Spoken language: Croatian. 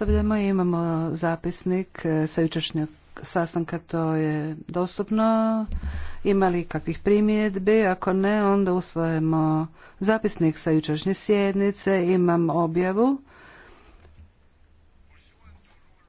imamo zapisnik e, sa jučešnjeg sastanka, to je dostupno. Ima li kakvih primjedbi? Ako ne, onda usvojemo zapisnik sa jučešnje sjednice. Imam objavu.